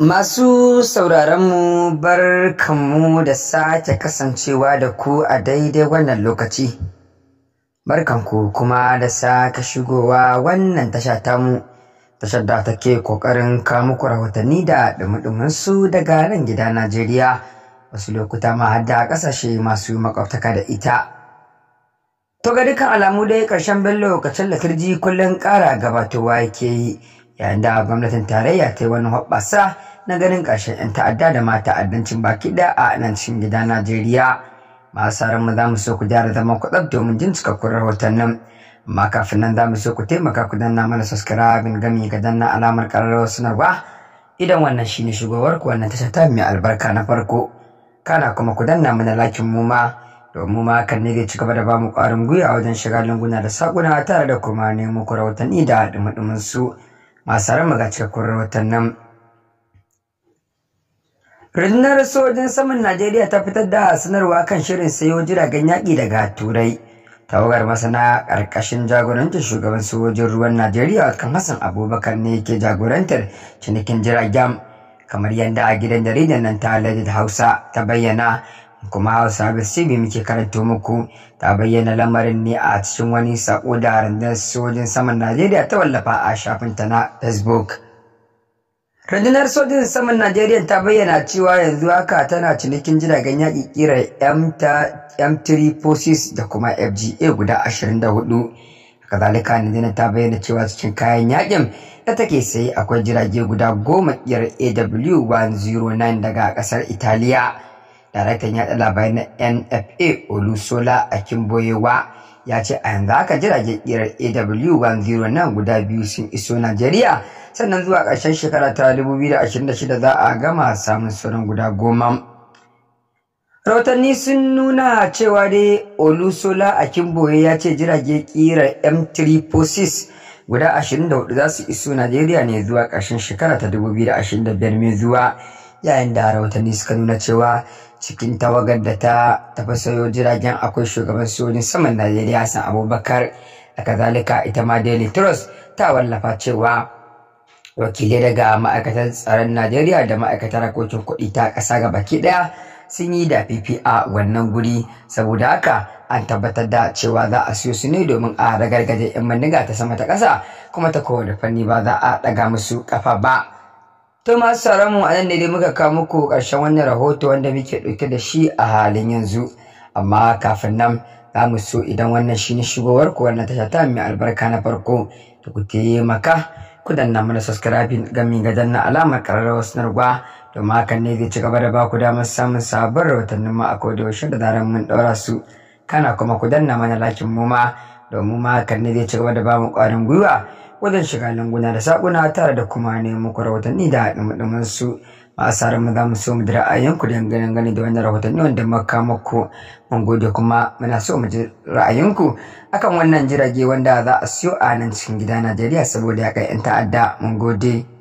Masu sauraronmu bar kanmu da sake kasancewa da ku a daidai wannan lokaci. ku kuma da sake shigowa wannan tasha tamu, tashar da take ƙoƙarin kamuku rahotanni da ɗumuɗuminsu daga nan gida Najeriya, wasu lokuta ma har da ƙasashe masu makwabtaka da ita. To ga dukkan alamu dai ƙarshen bello lokacin da kirji kullum ƙara gabatowa yake yi, yayin da gwamnatin tarayya ta yi wani hoɓɓasa na ganin ƙarshen 'yan ta'adda da a ta'addancin baki da a nan cikin gida Najeriya. Masu ran mu za mu so ku gyara zaman ku kuɗab domin jin cikakkun rahoton nan. Amma kafin nan za mu so ku taimaka ku danna mana subscribing gami ga danna alamar ƙararrawar sanarwa. Idan wannan shine shigowar ku wannan tasha ta mai albarka na farko. Kana kuma ku danna mana lakin mu ma domin ma kan ne zai ci gaba da bamu ƙwarin gwiwa wajen shiga lunguna da saƙuna tare da kuma nemo ku rahotanni da dumadumin su. Masu ran mu ga cikakkun rahoton nan. rundunar sojin saman najeriya ta fitar da sanarwa kan shirin sayo jiragen yaƙi daga turai tawagar masana ƙarƙashin jagorancin shugaban sojin ruwan najeriya kan hassan abubakar ne ke jagorantar cinikin jiragen kamar yadda a gidan jaridar nan ta legit hausa ta bayyana kuma hausa bisibi muke karanto muku ta bayyana lamarin ne a cikin wani sako da rundunar sojin saman najeriya ta wallafa a shafinta na facebook rundunar sojin saman najeriya ta bayyana cewa yanzu haka tana cinikin jiragen yaƙi ƙirar m3 forces da kuma fga guda 24 kazalika rundunar ta bayyana cewa cikin kayan yaƙin da take sayi akwai jirage guda goma ƙirar aw 109 daga ƙasar italiya daraktan yaɗa labarai na nfa olusola akimboyewa ya ce a yanzu haka jiragen kirar aw109 nan guda biyu sun iso najeriya sannan zuwa ƙarshen shekara ta 2026 za a gama samun sauran guda goma rahotanni sun nuna cewa dai olusola akimboye ya ce jirage kirar m346 guda 24 za su iso najeriya ne zuwa ƙarshen shekara ta 2025 mai zuwa yayin da rahotanni suka nuna cewa cikin tawagar da ta tafi sayo jiragen akwai shugaban sojin saman najeriya hassan abubakar da kazalika ita ma daily trust ta wallafa cewa wakilai daga ma'aikatar tsaron najeriya da ma'aikatar harkokin kuɗi ta kasa ga baki ɗaya sun yi da fifi a wannan guri saboda haka an tabbatar da cewa za a siyo su ne domin a ragargaje 'yan maniga ta sama ta ƙasa kuma ta kowane fanni ba za a ɗaga musu ƙafa ba. to masu sauranmu a nan ne dai muka kawo muku ƙarshen wannan rahoto wanda muke ɗauke da shi a halin yanzu amma kafin nan za mu so idan wannan shi ne shigowar ku wannan tasha ta mai albarka na farko da ku yi maka ku danna mana subscribing gami ga danna alamar ƙararrawar sanarwa domin hakan ne zai ci gaba da ba ku damar samun sabon rahotannin ma a kodayaushe da zaran mun ɗaura su kana kuma ku danna mana lakin mu ma domin ma hakan ne zai ci gaba da ba mu ƙwarin gwiwa wajen shiga lunguna da sakuna tare da kuma ne muku rahotanni da dumudumin su masu mu za mu so mu da ra'ayinku da ganin gani da wannan rahotanni wanda muka muku mun gode kuma muna so mu ji ra'ayinku akan wannan jirage wanda za a siyo a nan cikin gida Najeriya saboda ya kai 'yan ta'adda mun gode.